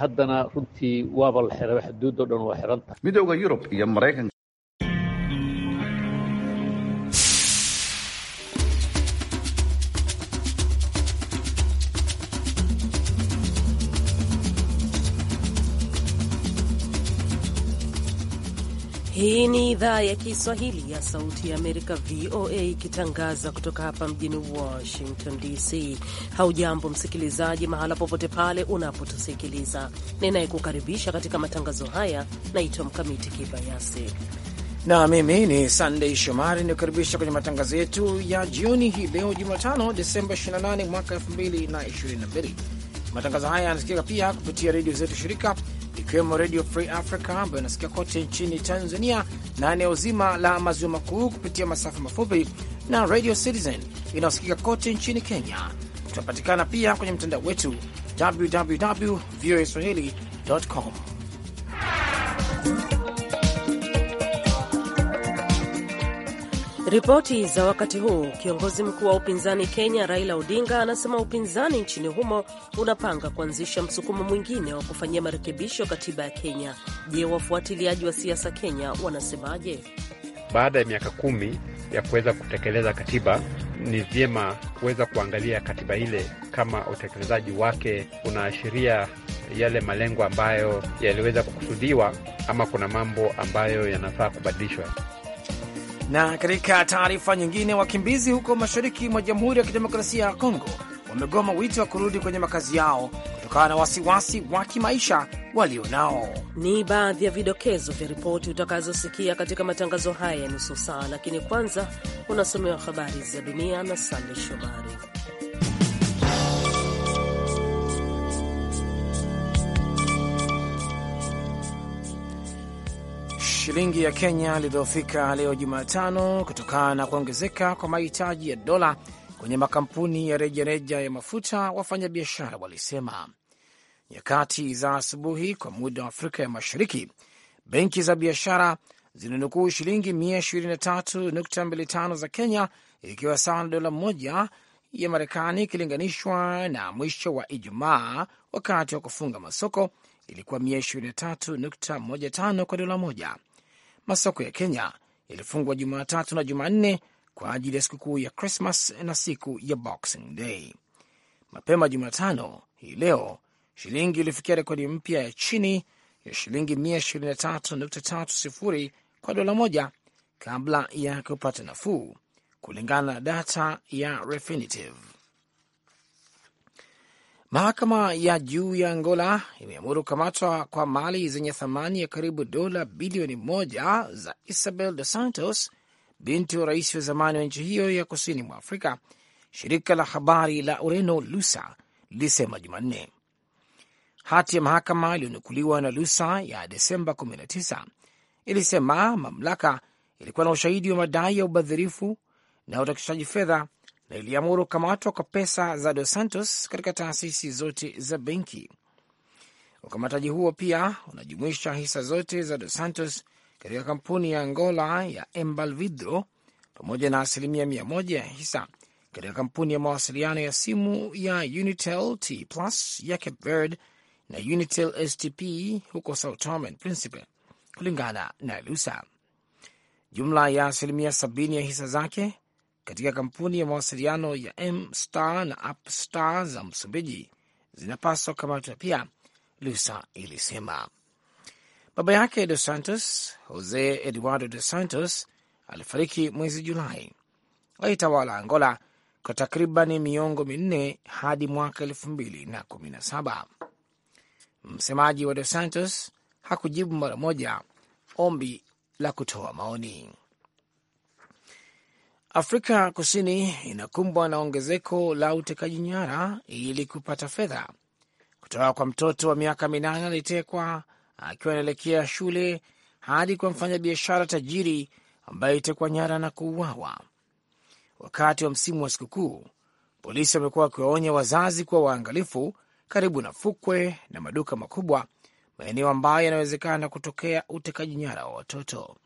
haddana runtii waaba la xiray xuduudo dhan waa xiranta midooda yurub iyo maraykanka Hii ni idhaa ya Kiswahili ya Sauti ya Amerika, VOA, ikitangaza kutoka hapa mjini Washington DC. Haujambo msikilizaji, mahala popote pale unapotusikiliza. Ninayekukaribisha katika matangazo haya naitwa Mkamiti Kibayasi na mimi ni sandey Shomari, nikukaribisha kwenye matangazo yetu ya jioni hii leo Jumatano, Desemba 28 mwaka 2022. Matangazo haya yanasikika pia kupitia redio zetu shirika ikiwemo Radio Free Africa ambayo inasikia kote nchini Tanzania na eneo zima la maziwa makuu kupitia masafa mafupi na Radio Citizen inayosikika kote nchini Kenya. Tunapatikana pia kwenye mtandao wetu www voa swahili.com. Ripoti za wakati huu. Kiongozi mkuu wa upinzani Kenya, Raila Odinga, anasema upinzani nchini humo unapanga kuanzisha msukumo mwingine wa kufanyia marekebisho katiba ya Kenya. Je, wafuatiliaji wa siasa Kenya wanasemaje? Baada ya miaka kumi ya kuweza kutekeleza katiba, ni vyema kuweza kuangalia katiba ile kama utekelezaji wake unaashiria yale malengo ambayo yaliweza kukusudiwa ama kuna mambo ambayo yanafaa kubadilishwa. Na katika taarifa nyingine, wakimbizi huko mashariki mwa Jamhuri ya Kidemokrasia ya Kongo wamegoma wito wa kurudi kwenye makazi yao kutokana na wasiwasi wa kimaisha walio nao Ni baadhi ya vidokezo vya ripoti utakazosikia katika matangazo haya ya nusu saa, lakini kwanza unasomewa habari za dunia na Sande Shomari. shilingi ya Kenya lilidhoofika leo Jumatano kutokana na kuongezeka kwa mahitaji ya dola kwenye makampuni ya rejareja ya mafuta, wafanyabiashara walisema. Nyakati za asubuhi kwa muda wa Afrika ya Mashariki, benki za biashara zilinukuu shilingi 123.25 za Kenya, ikiwa sawa na dola moja ya Marekani ikilinganishwa na mwisho wa Ijumaa wakati wa kufunga masoko ilikuwa 123.15 kwa dola moja masoko ya Kenya yalifungwa Jumatatu na Jumanne kwa ajili ya sikukuu ya Krismas na siku ya Boxing Day. Mapema Jumatano hii leo shilingi ilifikia rekodi mpya ya chini ya shilingi 123.30 kwa dola moja kabla ya kupata nafuu, kulingana na data ya Refinitiv. Mahakama ya juu ya Angola imeamuru kukamatwa kwa mali zenye thamani ya karibu dola bilioni moja za Isabel Dos Santos, binti wa rais wa zamani wa nchi hiyo ya kusini mwa Afrika. Shirika la habari la Ureno Lusa lilisema Jumanne hati ya mahakama iliyonukuliwa na Lusa ya Desemba 19 ilisema mamlaka ilikuwa na ushahidi wa madai ya ubadhirifu na utakishaji fedha na iliamuru kukamatwa kwa pesa za Dos Santos katika taasisi zote za benki. Ukamataji huo pia unajumuisha hisa zote za Dos Santos katika kampuni ya Angola ya Embalvidro pamoja na asilimia mia moja ya hisa katika kampuni ya mawasiliano ya simu ya Unitel T Plus ya Cape Verde na Unitel STP huko Sao Tome and Principe, kulingana na Lusa. Jumla ya asilimia sabini ya hisa zake katika kampuni ya mawasiliano ya Mstar na Upstar za Msumbiji zinapaswa kukamatwa pia, Lusa ilisema. Baba yake Dos Santos, Jose Eduardo Dos Santos, alifariki mwezi Julai. Alitawala Angola kwa takriban miongo minne hadi mwaka elfu mbili na kumi na saba. Msemaji wa Dos Santos hakujibu mara moja ombi la kutoa maoni. Afrika Kusini inakumbwa na ongezeko la utekaji nyara ili kupata fedha kutoka kwa mtoto wa miaka minane alitekwa akiwa anaelekea shule hadi kwa mfanyabiashara tajiri ambaye alitekwa nyara na kuuawa. Wakati wa msimu wa sikukuu, polisi wamekuwa wakiwaonya wazazi kuwa waangalifu karibu na fukwe na maduka makubwa, maeneo ambayo yanawezekana kutokea utekaji nyara wa watoto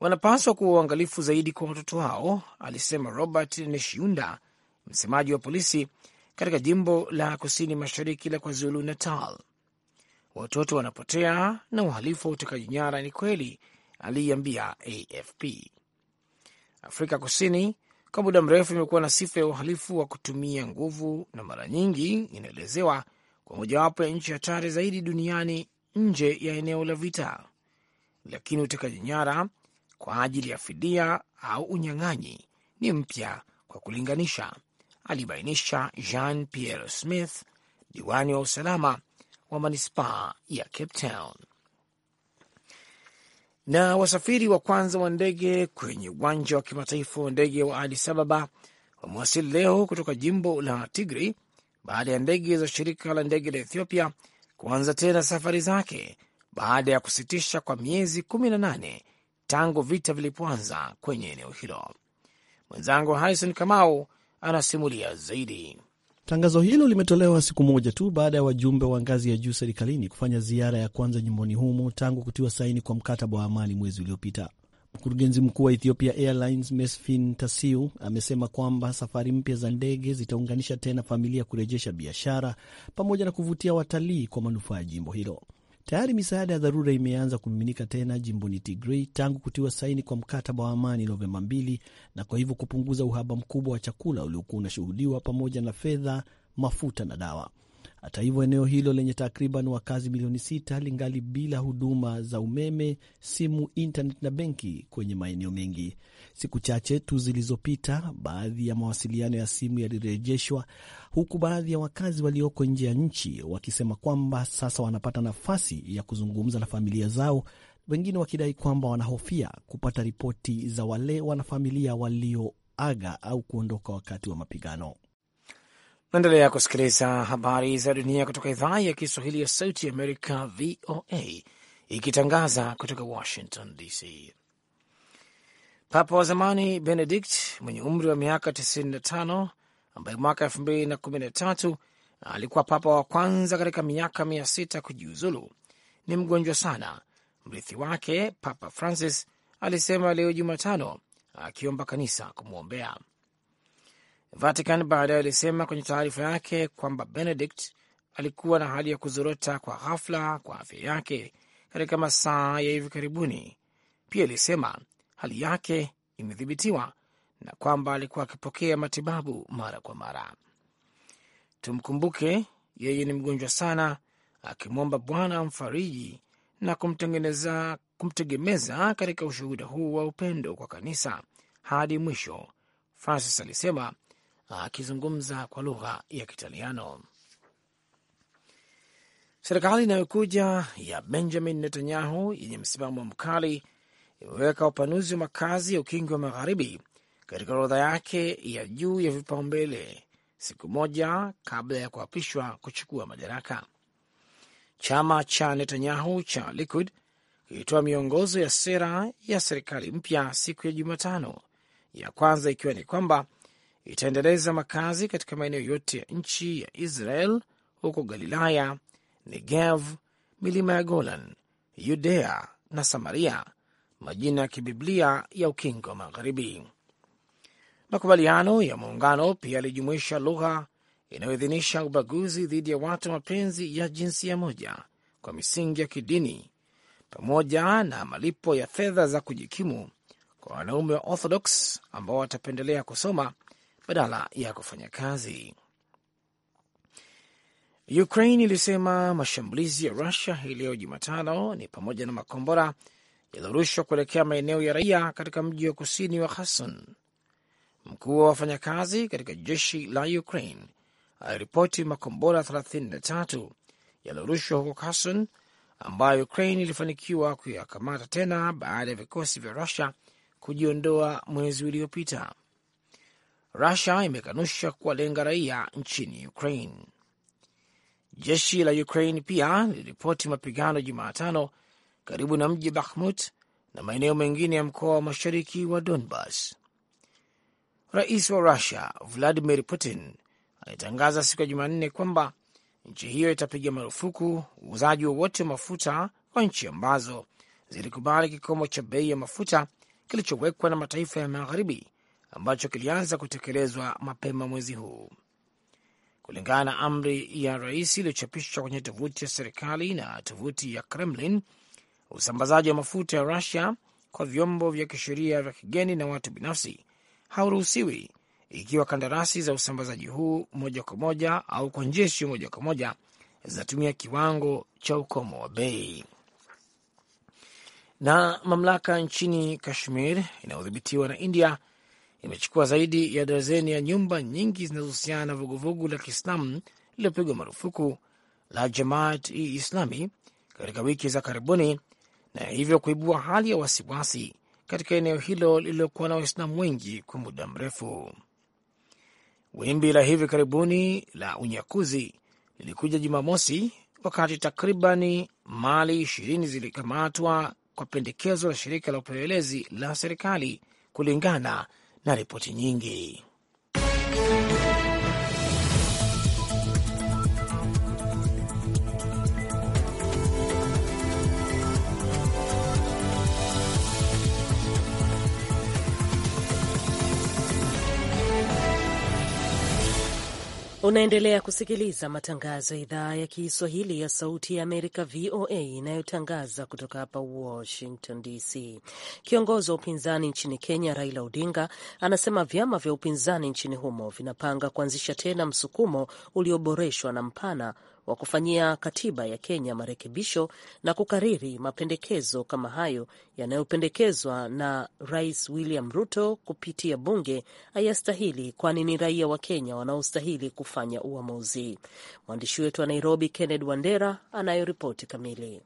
wanapaswa kuwa uangalifu zaidi kwa watoto wao, alisema Robert Neshiunda, msemaji wa polisi katika jimbo la kusini mashariki la KwaZulu Natal. Watoto wanapotea na uhalifu wa utekaji nyara ni kweli, aliiambia AFP. Afrika Kusini kwa muda mrefu imekuwa na sifa ya uhalifu wa kutumia nguvu na mara nyingi inaelezewa kwa mojawapo ya nchi hatari zaidi duniani nje ya eneo la vita, lakini utekaji nyara kwa ajili ya fidia au unyang'anyi ni mpya kwa kulinganisha, alibainisha Jean Pierre Smith, diwani wa usalama wa manispaa ya Cape Town. Na wasafiri wa kwanza wa ndege kwenye uwanja wa kimataifa wa ndege wa Addis Ababa wamewasili leo kutoka jimbo la Tigray baada ya ndege za shirika la ndege la Ethiopia kuanza tena safari zake baada ya kusitisha kwa miezi kumi na nane tangu vita vilipoanza kwenye eneo hilo. Mwenzangu Harrison Kamau anasimulia zaidi. Tangazo hilo limetolewa siku moja tu baada ya wajumbe wa ngazi ya juu serikalini kufanya ziara ya kwanza nyumbani humo tangu kutiwa saini kwa mkataba wa amani mwezi uliopita. Mkurugenzi mkuu wa Ethiopia Airlines Mesfin Tasiu amesema kwamba safari mpya za ndege zitaunganisha tena familia, kurejesha biashara pamoja na kuvutia watalii kwa manufaa ya jimbo hilo. Tayari misaada ya dharura imeanza kumiminika tena jimboni Tigray tangu kutiwa saini kwa mkataba wa amani Novemba 2 na kwa hivyo kupunguza uhaba mkubwa wa chakula uliokuwa unashuhudiwa pamoja na fedha, mafuta na dawa. Hata hivyo, eneo hilo lenye takriban wakazi milioni sita lingali bila huduma za umeme, simu, internet na benki kwenye maeneo mengi. Siku chache tu zilizopita, baadhi ya mawasiliano ya simu yalirejeshwa, huku baadhi ya wakazi walioko nje ya nchi wakisema kwamba sasa wanapata nafasi ya kuzungumza na familia zao, wengine wakidai kwamba wanahofia kupata ripoti za wale wanafamilia walioaga au kuondoka wakati wa mapigano. Naendelea kusikiliza habari za dunia kutoka idhaa ya Kiswahili ya Sauti Amerika, VOA, ikitangaza kutoka Washington DC. Papa wa zamani Benedict mwenye umri wa miaka 95 ambaye mwaka 2013 alikuwa papa wa kwanza katika miaka 6 kujiuzulu ni mgonjwa sana. Mrithi wake Papa Francis alisema leo Jumatano, akiomba kanisa kumwombea. Vatican baadaye alisema kwenye taarifa yake kwamba Benedict alikuwa na hali ya kuzorota kwa ghafla kwa afya yake katika masaa ya hivi karibuni. Pia alisema hali yake imedhibitiwa na kwamba alikuwa akipokea matibabu mara kwa mara. Tumkumbuke yeye ni mgonjwa sana, akimwomba Bwana amfariji na kumtengeneza kumtegemeza katika ushuhuda huu wa upendo kwa kanisa hadi mwisho, Francis alisema akizungumza kwa lugha ya Kitaliano. Serikali inayokuja ya Benjamin Netanyahu yenye msimamo mkali imeweka upanuzi wa makazi ya ukingi wa magharibi katika orodha yake ya juu ya vipaumbele, siku moja kabla ya kuapishwa kuchukua madaraka. Chama cha Netanyahu cha Likud kilitoa miongozo ya sera ya serikali mpya siku ya Jumatano, ya kwanza ikiwa ni kwamba itaendeleza makazi katika maeneo yote ya nchi ya Israel huko Galilaya, Negev, milima ya Golan, Yudea na Samaria, majina ya kibiblia ya ukingo wa Magharibi. Makubaliano ya muungano pia yalijumuisha lugha inayoidhinisha ubaguzi dhidi ya watu mapenzi ya jinsia moja kwa misingi ya kidini, pamoja na malipo ya fedha za kujikimu kwa wanaume wa Orthodox ambao watapendelea kusoma badala ya kufanya kazi. Ukraine ilisema mashambulizi ya Rusia hii leo Jumatano ni pamoja na makombora yaliyorushwa kuelekea maeneo ya raia katika mji wa kusini wa Kherson. Mkuu wa wafanyakazi katika jeshi la Ukraine aliripoti makombora 33 yaliyorushwa huko Kherson ambayo Ukraine ilifanikiwa kuyakamata tena baada ya vikosi vya Rusia kujiondoa mwezi uliopita. Rusia imekanusha kuwalenga raia nchini Ukraine. Jeshi la Ukraine pia liliripoti mapigano Jumatano karibu na mji Bakhmut na maeneo mengine ya mkoa wa mashariki wa Donbas. Rais wa Rusia Vladimir Putin alitangaza siku ya Jumanne kwamba nchi hiyo itapiga marufuku uuzaji wowote wa mafuta kwa nchi ambazo zilikubali kikomo cha bei ya mafuta kilichowekwa na mataifa ya magharibi ambacho kilianza kutekelezwa mapema mwezi huu. Kulingana na amri ya rais iliyochapishwa kwenye tovuti ya serikali na tovuti ya Kremlin, usambazaji wa mafuta ya Rusia kwa vyombo vya kisheria vya kigeni na watu binafsi hauruhusiwi ikiwa kandarasi za usambazaji huu moja kwa moja au kwa njia isiyo moja kwa moja zinatumia kiwango cha ukomo wa bei. Na mamlaka nchini Kashmir inayodhibitiwa na India imechukua zaidi ya darazeni ya nyumba nyingi zinazohusiana na vuguvugu la Kiislamu lililopigwa marufuku la Jamaat i Islami katika wiki za karibuni na hivyo kuibua hali ya wasiwasi katika eneo hilo lililokuwa na Waislamu wengi kwa muda mrefu. Wimbi la hivi karibuni la unyakuzi lilikuja Jumamosi wakati takribani mali ishirini zilikamatwa kwa pendekezo la shirika la upelelezi la serikali, kulingana na ripoti nyingi. Unaendelea kusikiliza matangazo ya idhaa ya Kiswahili ya Sauti ya Amerika, VOA, inayotangaza kutoka hapa Washington DC. Kiongozi wa upinzani nchini Kenya, Raila Odinga, anasema vyama vya upinzani nchini humo vinapanga kuanzisha tena msukumo ulioboreshwa na mpana wa kufanyia katiba ya Kenya marekebisho na kukariri mapendekezo kama hayo yanayopendekezwa na Rais William Ruto kupitia bunge hayastahili, kwani ni raia wa Kenya wanaostahili kufanya uamuzi. Mwandishi wetu wa Nairobi, kenned Wandera, anayo ripoti kamili.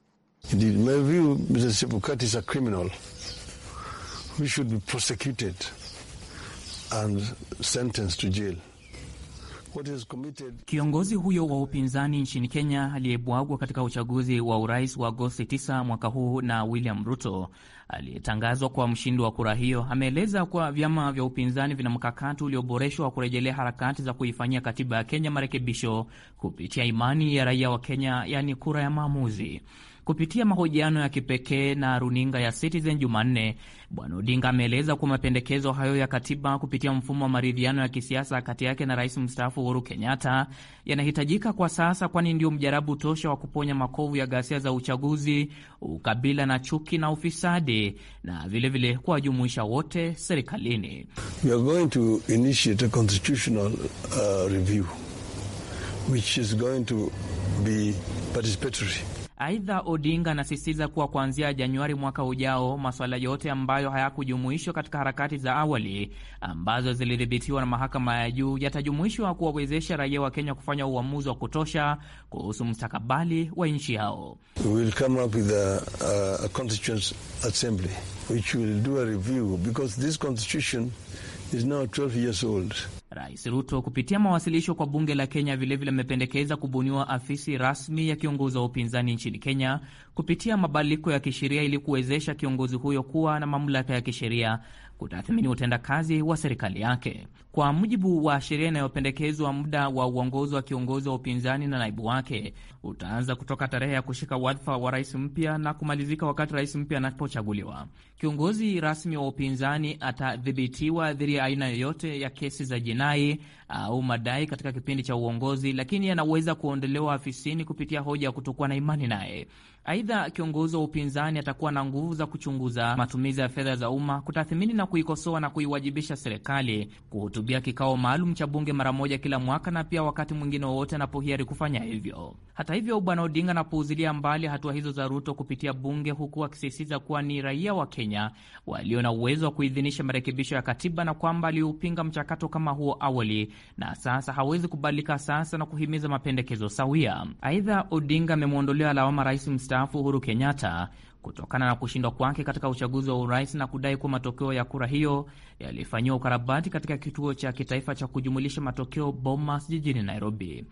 Kiongozi huyo wa upinzani nchini Kenya aliyebwagwa katika uchaguzi wa urais wa Agosti 9 mwaka huu na William Ruto aliyetangazwa kwa mshindi wa kura hiyo ameeleza kuwa vyama vya upinzani vina mkakati ulioboreshwa wa kurejelea harakati za kuifanyia katiba ya Kenya marekebisho kupitia imani ya raia wa Kenya, yaani kura ya maamuzi. Kupitia mahojiano ya kipekee na runinga ya Citizen Jumanne, Bwana Odinga ameeleza kuwa mapendekezo hayo ya katiba kupitia mfumo wa maridhiano ya kisiasa kati yake na rais mstaafu Uhuru Kenyatta yanahitajika kwa sasa, kwani ndio mjarabu tosha wa kuponya makovu ya ghasia za uchaguzi, ukabila na chuki na ufisadi serikali na vilevile kuwajumuisha wote serikalini. We are going to initiate a constitutional uh, review which is going to be participatory Aidha, Odinga anasisitiza kuwa kuanzia Januari mwaka ujao masuala yote ambayo hayakujumuishwa katika harakati za awali ambazo zilidhibitiwa na mahakama ya juu yatajumuishwa kuwawezesha raia wa Kenya kufanya uamuzi wa kutosha kuhusu mustakabali wa nchi yao. We'll Rais Ruto kupitia mawasilisho kwa bunge la Kenya vilevile amependekeza kubuniwa afisi rasmi ya kiongozi wa upinzani nchini Kenya kupitia mabadiliko ya kisheria ili kuwezesha kiongozi huyo kuwa na mamlaka ya kisheria kutathmini utendakazi wa serikali yake. Kwa mujibu wa sheria inayopendekezwa, muda wa uongozi wa kiongozi wa upinzani na naibu wake utaanza kutoka tarehe ya kushika wadhifa wa rais mpya na kumalizika wakati rais mpya anapochaguliwa. Kiongozi rasmi wa upinzani atadhibitiwa dhidi ya aina yoyote ya kesi za jinai au madai katika kipindi cha uongozi, lakini anaweza kuondolewa afisini kupitia hoja ya kutokuwa na imani naye. Aidha, kiongozi wa upinzani atakuwa na nguvu za kuchunguza matumizi ya fedha za umma, kutathimini na kuikosoa na kuiwajibisha serikali kuhutu kuhudhuria kikao maalum cha bunge mara moja kila mwaka na pia wakati mwingine wowote anapohiari kufanya hivyo. Hata hivyo, Bwana Odinga anapouzilia mbali hatua hizo za Ruto kupitia bunge, huku akisisitiza kuwa ni raia wa Kenya walio na uwezo wa kuidhinisha marekebisho ya katiba na kwamba aliupinga mchakato kama huo awali na sasa hawezi kubadilika sasa na kuhimiza mapendekezo sawia. Aidha, Odinga amemwondolea lawama rais mstaafu Uhuru Kenyatta kutokana na kushindwa kwake katika uchaguzi wa urais na kudai kuwa matokeo ya kura hiyo yalifanyiwa ukarabati katika kituo cha kitaifa cha kujumulisha matokeo Bomas jijini Nairobi.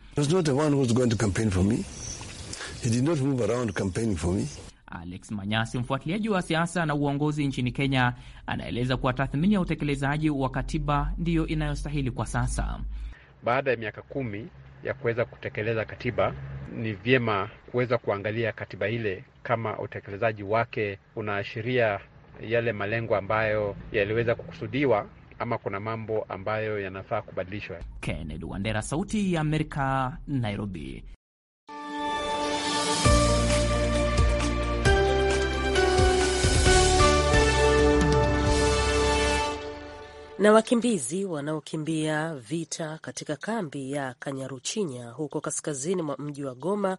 Alex Manyasi, mfuatiliaji wa siasa na uongozi nchini Kenya, anaeleza kuwa tathmini ya utekelezaji wa katiba ndiyo inayostahili kwa sasa. Baada ya miaka kumi ya kuweza kutekeleza katiba, ni vyema kuweza kuangalia katiba ile kama utekelezaji wake unaashiria yale malengo ambayo yaliweza kukusudiwa ama kuna mambo ambayo yanafaa kubadilishwa. Kennedy Wandera, Sauti ya Amerika, Nairobi. Na wakimbizi wanaokimbia vita katika kambi ya Kanyaruchinya huko kaskazini mwa mji wa Goma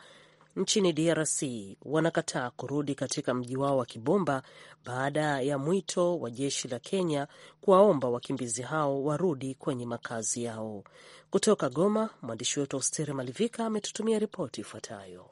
nchini DRC wanakataa kurudi katika mji wao wa Kibomba baada ya mwito wa jeshi la Kenya kuwaomba wakimbizi hao warudi kwenye makazi yao. Kutoka Goma, mwandishi wetu Austere Malivika ametutumia ripoti ifuatayo.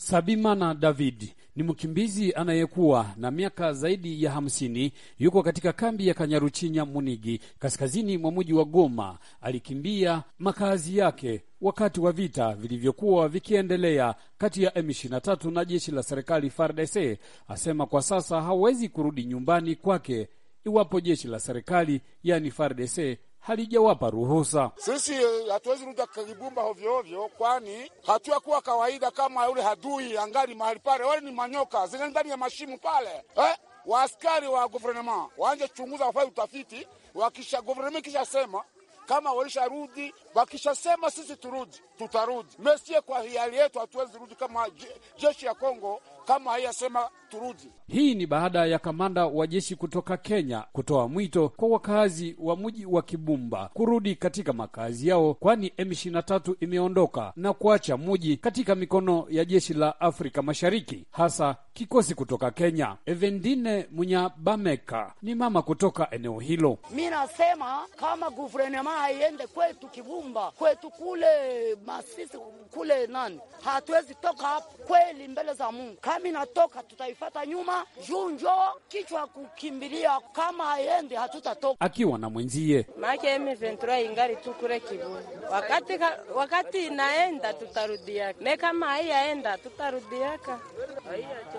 Sabimana David ni mkimbizi anayekuwa na miaka zaidi ya hamsini. Yuko katika kambi ya Kanyaruchinya Munigi, kaskazini mwa mji wa Goma. Alikimbia makazi yake wakati wa vita vilivyokuwa vikiendelea kati ya M23 na jeshi la serikali FARDC. Asema kwa sasa hawezi kurudi nyumbani kwake iwapo jeshi la serikali yani FARDC halijawapa ruhusa. Sisi eh, hatuwezi rudi kibumba hovyohovyo, kwani hatuyakuwa kawaida kama yule hadui angali mahali pale. Wale ni manyoka zile ndani ya mashimu pale eh? Waaskari wa guvernema waanje chunguza, wafanye utafiti, wakisha guvernema ikishasema kama walisharudi, wakishasema sisi turudi, tutarudi. Mesie kwa hiari yetu hatuwezi rudi, kama jeshi ya Kongo kama haiyasema turudi. Hii ni baada ya kamanda wa jeshi kutoka Kenya kutoa mwito kwa wakazi wa mji wa Kibumba kurudi katika makazi yao, kwani M23 imeondoka na kuacha mji katika mikono ya jeshi la Afrika Mashariki, hasa kikosi kutoka Kenya. Evendine Munyabameka ni mama kutoka eneo hilo. Mi nasema kama guvernema haiende kwetu Kibumba, kwetu kule Masisi, kule nani, hatuwezi toka hapo kweli, mbele za Mungu. Kama inatoka tutai kuifata nyuma junjo kichwa kukimbilia, kama aende hatutatoka. Akiwa na mwenzie make M23 ingari tu kule Kivu, wakati wakati inaenda tutarudiaka, ne kama haiyaenda tutarudiaka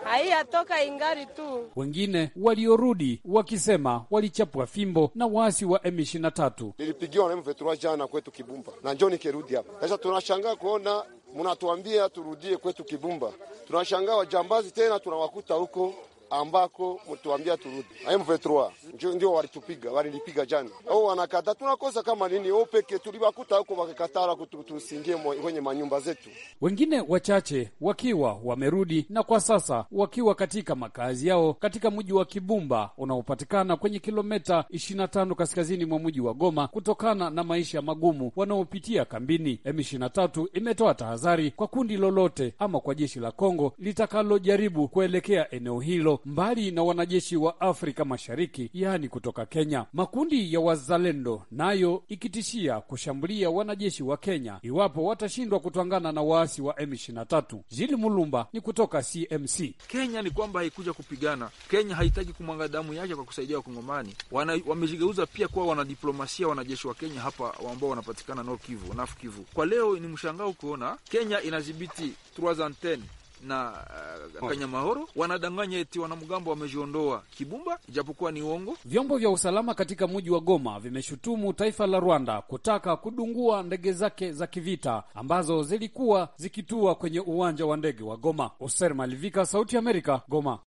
haiyatoka ingari tu. Wengine waliorudi wakisema walichapwa fimbo na waasi wa M23. Nilipigiwa na M23 jana kwetu Kibumba na njoo nikirudi hapa sasa, tunashangaa kuona munatuambia turudie kwetu Kibumba. Tunashangaa wajambazi tena tunawakuta huko ambako mtuambia turudi. M23 ndio walitupiga, walilipiga jana. Au wanakata tunakosa kama nini? Au peke tulibakuta huko wakikatara kutusingie kwenye manyumba zetu, wengine wachache wakiwa wamerudi na kwa sasa wakiwa katika makazi yao katika mji wa Kibumba unaopatikana kwenye kilomita 25 kaskazini mwa mji wa Goma kutokana na maisha magumu wanaopitia kambini. M23 imetoa tahadhari kwa kundi lolote ama kwa jeshi la Kongo litakalojaribu kuelekea eneo hilo mbali na wanajeshi wa Afrika Mashariki, yaani kutoka Kenya. Makundi ya wazalendo nayo ikitishia kushambulia wanajeshi wa Kenya iwapo watashindwa kutwangana na waasi wa M23. Jili Mulumba ni kutoka CMC. Kenya ni kwamba haikuja kupigana. Kenya haitaki kumwanga damu yake kwa kusaidia Wakongomani. Wamejigeuza pia kuwa wanadiplomasia, wanajeshi wa Kenya hapa ambao wanapatikana Nord Kivu, North Kivu. Kwa leo ni mshangao kuona Kenya inadhibiti na uh, Kanyamahoro wanadanganya eti wanamgambo wamejiondoa Kibumba, ijapokuwa ni uongo. Vyombo vya usalama katika mji wa Goma vimeshutumu taifa la Rwanda kutaka kudungua ndege zake za kivita ambazo zilikuwa zikitua kwenye uwanja wa ndege wa Goma. Oser Malivika, Sauti ya Amerika, Goma.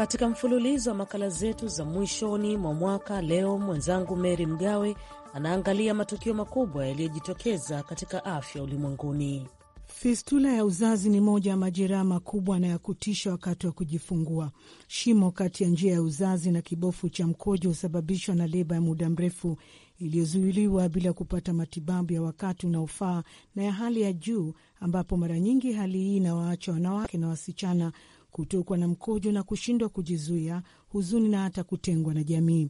katika mfululizo wa makala zetu za mwishoni mwa mwaka. Leo mwenzangu Meri Mgawe anaangalia matukio makubwa yaliyojitokeza katika afya ulimwenguni. Fistula ya uzazi ni moja ya majeraha makubwa na ya kutisha wakati wa kujifungua. Shimo kati ya njia ya uzazi na kibofu cha mkojo husababishwa na leba ya muda mrefu iliyozuiliwa bila kupata matibabu ya wakati unaofaa na ya hali ya juu, ambapo mara nyingi hali hii inawaacha wanawake na wasichana kutokwa na mkojo na kushindwa kujizuia, huzuni na hata kutengwa na jamii.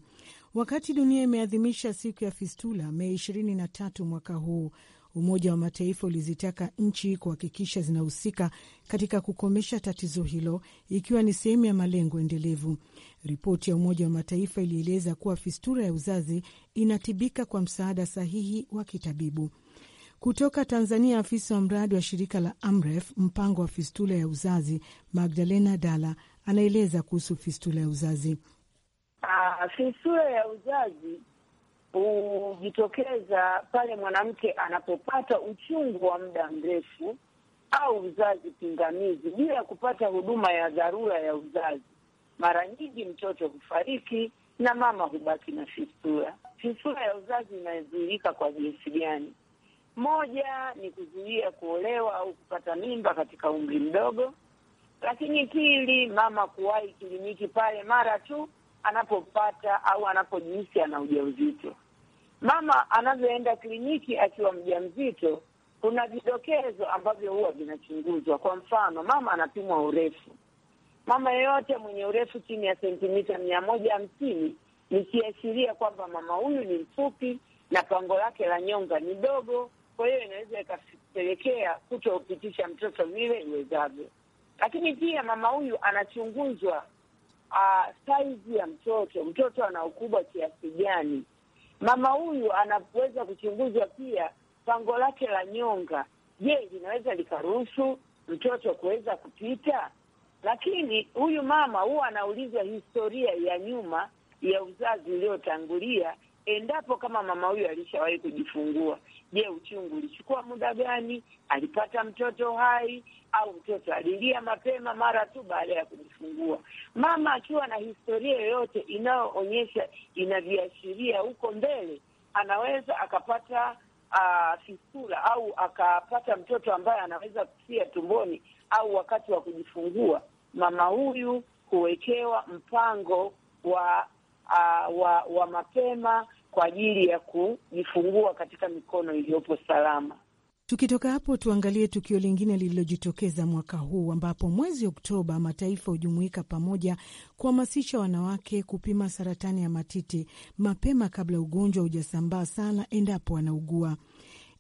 Wakati dunia imeadhimisha siku ya fistula Mei 23 mwaka huu, Umoja wa Mataifa ulizitaka nchi kuhakikisha zinahusika katika kukomesha tatizo hilo, ikiwa ni sehemu ya malengo endelevu. Ripoti ya Umoja wa Mataifa ilieleza kuwa fistula ya uzazi inatibika kwa msaada sahihi wa kitabibu. Kutoka Tanzania, afisa wa mradi wa shirika la AMREF mpango wa fistula ya uzazi, Magdalena Dala anaeleza kuhusu fistula ya uzazi. Aa, ah, fistula ya uzazi hujitokeza pale mwanamke anapopata uchungu wa muda mrefu au uzazi pingamizi bila ya kupata huduma ya dharura ya uzazi. Mara nyingi mtoto hufariki na mama hubaki na fistula. Fistula ya uzazi inazuirika kwa jinsi gani? Moja ni kuzuia kuolewa au kupata mimba katika umri mdogo, lakini pili, mama kuwahi kliniki pale mara tu anapopata au anapojihisi ana ujauzito. Mama anavyoenda kliniki akiwa mjamzito, kuna vidokezo ambavyo huwa vinachunguzwa. Kwa mfano, mama anapimwa urefu. Mama yeyote mwenye urefu chini ya sentimita mia moja hamsini ni kiashiria kwamba mama huyu ni mfupi na pango lake la nyonga ni dogo kwa hiyo inaweza ikapelekea kutopitisha mtoto vile iwezavyo, lakini pia mama huyu anachunguzwa uh, ah, saizi ya mtoto, mtoto ana ukubwa kiasi gani. Mama huyu anaweza kuchunguzwa pia pango lake la nyonga, je, linaweza likaruhusu mtoto kuweza kupita? Lakini huyu mama huwa anaulizwa historia ya nyuma ya uzazi uliotangulia endapo kama mama huyu alishawahi kujifungua. Je, uchungu ulichukua muda gani? Alipata mtoto hai au mtoto alilia mapema mara tu baada ya kujifungua? Mama akiwa na historia yoyote inayoonyesha inaviashiria huko mbele, anaweza akapata uh, fisula au akapata mtoto ambaye anaweza kufia tumboni au wakati wa kujifungua. Mama huyu huwekewa mpango wa uh, wa, wa mapema kwa ajili ya kujifungua katika mikono iliyopo salama. Tukitoka hapo tuangalie tukio lingine lililojitokeza mwaka huu ambapo mwezi Oktoba mataifa hujumuika pamoja kuhamasisha wanawake kupima saratani ya matiti mapema kabla ugonjwa hujasambaa sana endapo wanaugua.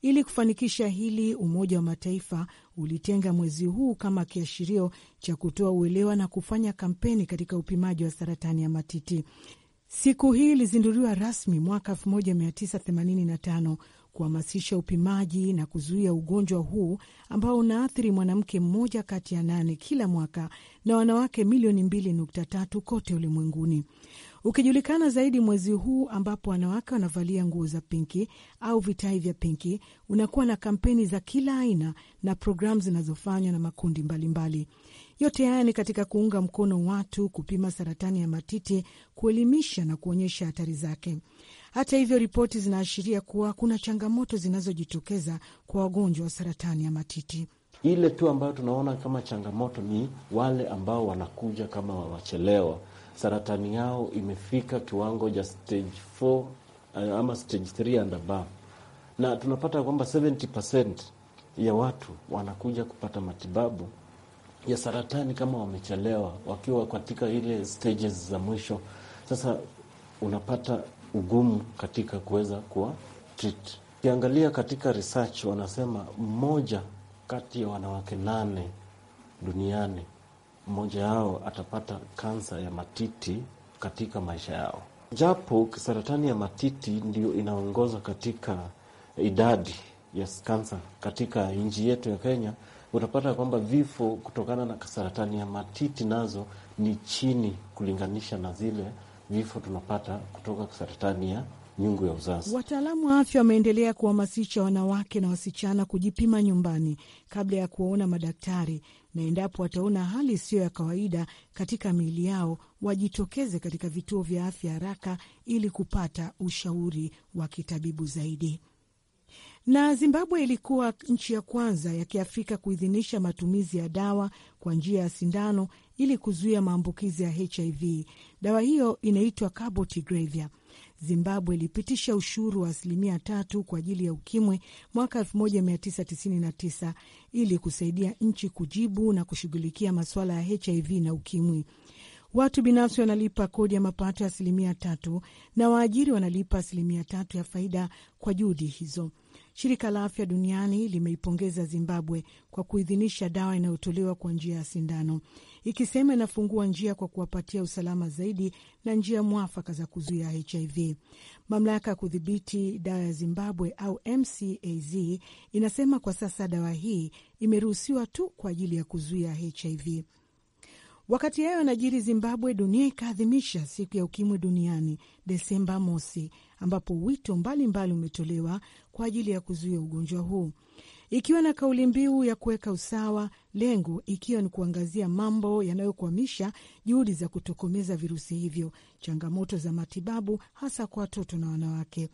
Ili kufanikisha hili, Umoja wa Mataifa ulitenga mwezi huu kama kiashirio cha kutoa uelewa na kufanya kampeni katika upimaji wa saratani ya matiti. Siku hii ilizinduliwa rasmi mwaka 1985 kuhamasisha upimaji na kuzuia ugonjwa huu ambao unaathiri mwanamke mmoja kati ya nane kila mwaka na wanawake milioni 2.3 kote ulimwenguni, ukijulikana zaidi mwezi huu ambapo wanawake wanavalia nguo za pinki au vitai vya pinki. Unakuwa na kampeni za kila aina na programu zinazofanywa na makundi mbalimbali mbali. Yote haya ni katika kuunga mkono watu kupima saratani ya matiti, kuelimisha na kuonyesha hatari zake. Hata hivyo, ripoti zinaashiria kuwa kuna changamoto zinazojitokeza kwa wagonjwa wa saratani ya matiti. Ile tu ambayo tunaona kama changamoto ni wale ambao wanakuja kama wawachelewa, saratani yao imefika kiwango cha stage 4 eh, ama stage 3 and above, na tunapata kwamba 70% ya watu wanakuja kupata matibabu ya saratani kama wamechelewa, wakiwa katika ile stages za mwisho. Sasa unapata ugumu katika kuweza kuwa treat. Ukiangalia katika research, wanasema mmoja kati ya wanawake nane duniani, mmoja yao atapata kansa ya matiti katika maisha yao, japo saratani ya matiti ndio inaongoza katika idadi ya kansa katika nchi yetu ya Kenya utapata kwamba vifo kutokana na saratani ya matiti nazo ni chini kulinganisha na zile vifo tunapata kutoka saratani ya nyungu ya uzazi. Wataalamu wa afya wameendelea kuhamasisha wanawake na wasichana kujipima nyumbani kabla ya kuwaona madaktari, na endapo wataona hali isiyo ya kawaida katika miili yao wajitokeze katika vituo vya afya haraka ili kupata ushauri wa kitabibu zaidi na Zimbabwe ilikuwa nchi ya kwanza ya Kiafrika kuidhinisha matumizi ya dawa kwa njia ya sindano ili kuzuia maambukizi ya HIV. Dawa hiyo inaitwa cabotegravir. Zimbabwe ilipitisha ushuru wa asilimia tatu kwa ajili ya ukimwi mwaka 1999 ili kusaidia nchi kujibu na kushughulikia masuala ya HIV na ukimwi. Watu binafsi wanalipa kodi ya mapato ya asilimia tatu na waajiri wanalipa asilimia tatu ya faida kwa juhudi hizo. Shirika la Afya Duniani limeipongeza Zimbabwe kwa kuidhinisha dawa inayotolewa kwa njia ya sindano, ikisema inafungua njia kwa kuwapatia usalama zaidi na njia mwafaka za kuzuia HIV. Mamlaka ya kudhibiti dawa ya Zimbabwe au MCAZ inasema kwa sasa dawa hii imeruhusiwa tu kwa ajili ya kuzuia HIV. Wakati hayo anajiri Zimbabwe, dunia ikaadhimisha siku ya ukimwi duniani Desemba mosi ambapo wito mbalimbali umetolewa kwa ajili ya kuzuia ugonjwa huu ikiwa na kauli mbiu ya kuweka usawa, lengo ikiwa ni kuangazia mambo yanayokwamisha juhudi za kutokomeza virusi hivyo, changamoto za matibabu hasa kwa watoto na wanawake.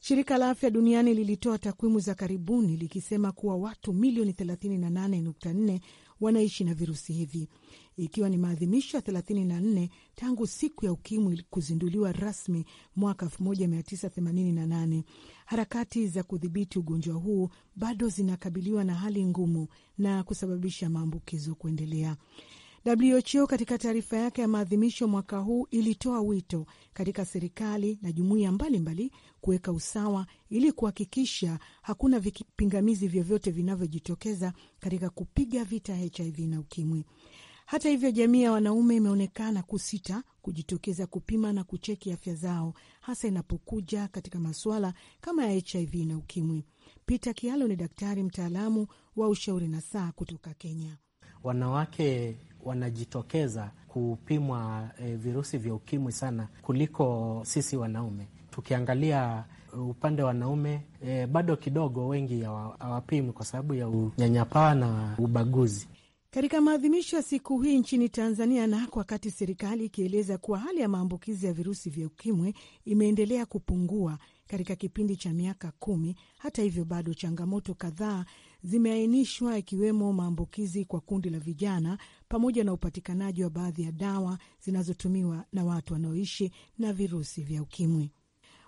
Shirika la Afya Duniani lilitoa takwimu za karibuni likisema kuwa watu milioni 38.4 wanaishi na virusi hivi, ikiwa ni maadhimisho ya 34 tangu siku ya ukimwi kuzinduliwa rasmi mwaka 1988. Harakati za kudhibiti ugonjwa huu bado zinakabiliwa na hali ngumu na kusababisha maambukizo kuendelea. WHO katika taarifa yake ya maadhimisho mwaka huu ilitoa wito katika serikali na jumuiya mbalimbali kuweka usawa ili kuhakikisha hakuna vipingamizi vyovyote vinavyojitokeza katika kupiga vita HIV na ukimwi. Hata hivyo, jamii ya wanaume imeonekana kusita kujitokeza kupima na kucheki afya zao, hasa inapokuja katika masuala kama ya HIV na ukimwi. Peter Kialo ni daktari mtaalamu wa ushauri na saa kutoka Kenya. Wanawake wanajitokeza kupimwa e, virusi vya ukimwi sana kuliko sisi wanaume. Tukiangalia eh, upande wa wanaume e, bado kidogo wengi hawapimwi kwa sababu ya unyanyapaa na ubaguzi. Katika maadhimisho ya siku hii nchini Tanzania, nako wakati serikali ikieleza kuwa hali ya maambukizi ya virusi vya ukimwi imeendelea kupungua katika kipindi cha miaka kumi. Hata hivyo, bado changamoto kadhaa zimeainishwa ikiwemo maambukizi kwa kundi la vijana pamoja na upatikanaji wa baadhi ya dawa zinazotumiwa na watu wanaoishi na virusi vya ukimwi.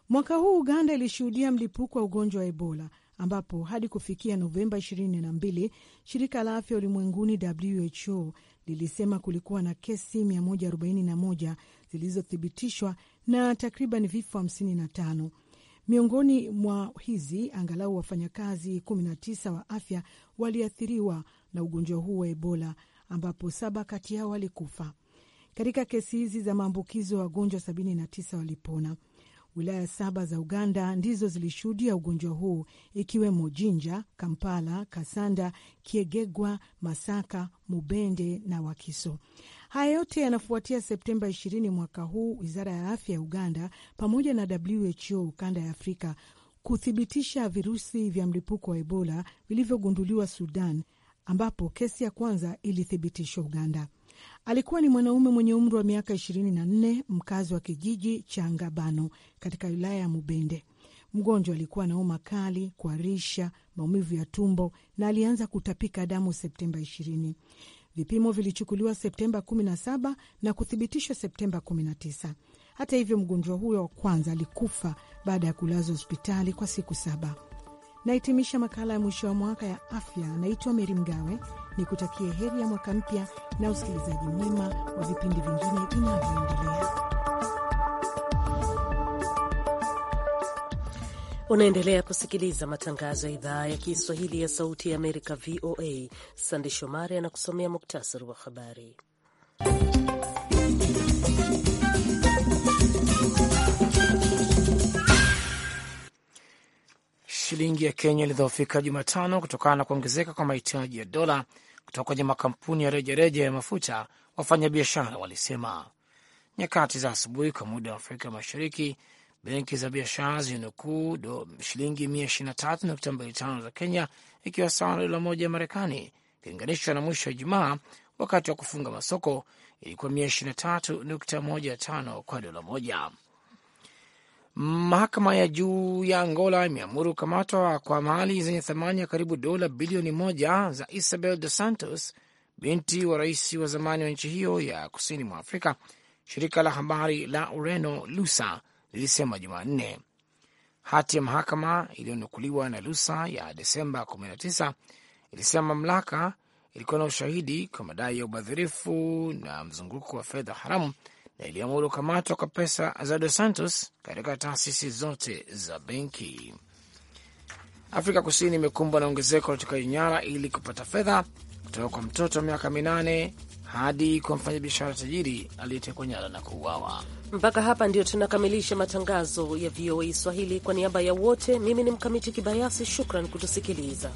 Mwaka huu Uganda ilishuhudia mlipuko wa ugonjwa wa Ebola ambapo hadi kufikia Novemba 22 shirika la afya ulimwenguni WHO lilisema kulikuwa na kesi 141 zilizothibitishwa na takriban vifo 55. Miongoni mwa hizi, angalau wafanyakazi 19 wa afya waliathiriwa na ugonjwa huu wa Ebola, ambapo saba kati yao walikufa. Katika kesi hizi za maambukizo, wagonjwa 79 walipona. Wilaya saba za Uganda ndizo zilishuhudia ugonjwa huu ikiwemo Jinja, Kampala, Kasanda, Kiegegwa, Masaka, Mubende na Wakiso. Haya yote yanafuatia Septemba 20 mwaka huu, wizara ya afya ya Uganda pamoja na WHO ukanda ya Afrika kuthibitisha virusi vya mlipuko wa Ebola vilivyogunduliwa Sudan, ambapo kesi ya kwanza ilithibitishwa Uganda. Alikuwa ni mwanaume mwenye umri wa miaka 24, mkazi wa kijiji cha Ngabano katika wilaya ya Mubende. Mgonjwa alikuwa na homa kali, kuharisha, maumivu ya tumbo na alianza kutapika damu Septemba 20. Vipimo vilichukuliwa Septemba 17 na kuthibitishwa Septemba 19. Hata hivyo, mgonjwa huyo wa kwanza alikufa baada ya kulazwa hospitali kwa siku saba. Nahitimisha makala ya mwisho wa mwaka ya afya. Naitwa Meri Mgawe, ni kutakie heri ya mwaka mpya na usikilizaji mwema wa vipindi vingine vinavyoendelea. Unaendelea kusikiliza matangazo ya idhaa ya Kiswahili ya Sauti ya Amerika, VOA. Sande Shomari anakusomea muktasari wa habari. shilingi ya Kenya ilidhoofika Jumatano kutokana na kuongezeka kwa mahitaji ya dola kutoka kwenye makampuni ya rejareja ya mafuta, wafanyabiashara walisema. Nyakati za asubuhi kwa muda wa Afrika Mashariki, benki za biashara zinukuu shilingi 123.25 za Kenya, ikiwa sawa na dola moja ya Marekani, ikilinganishwa na mwisho wa Ijumaa wakati wa kufunga masoko ilikuwa 123.15 kwa dola moja. Mahakama ya juu ya Angola imeamuru kukamatwa kwa mali zenye thamani ya karibu dola bilioni moja za Isabel Dos Santos, binti wa rais wa zamani wa nchi hiyo ya kusini mwa Afrika. Shirika la habari la Ureno Lusa lilisema Jumanne. Hati ya mahakama iliyonukuliwa na Lusa ya Desemba 19 ilisema mamlaka ilikuwa na ushahidi kwa madai ya ubadhirifu na mzunguko wa fedha haramu na iliamuru kukamatwa kwa pesa za Dos Santos katika taasisi zote za benki. Afrika Kusini imekumbwa na ongezeko la utekaji nyara ili kupata fedha kutoka kwa mtoto wa miaka minane hadi kwa mfanyabiashara tajiri aliyetekwa nyara na kuuawa. Mpaka hapa ndio tunakamilisha matangazo ya VOA Swahili. Kwa niaba ya wote, mimi ni Mkamiti Kibayasi, shukran kutusikiliza.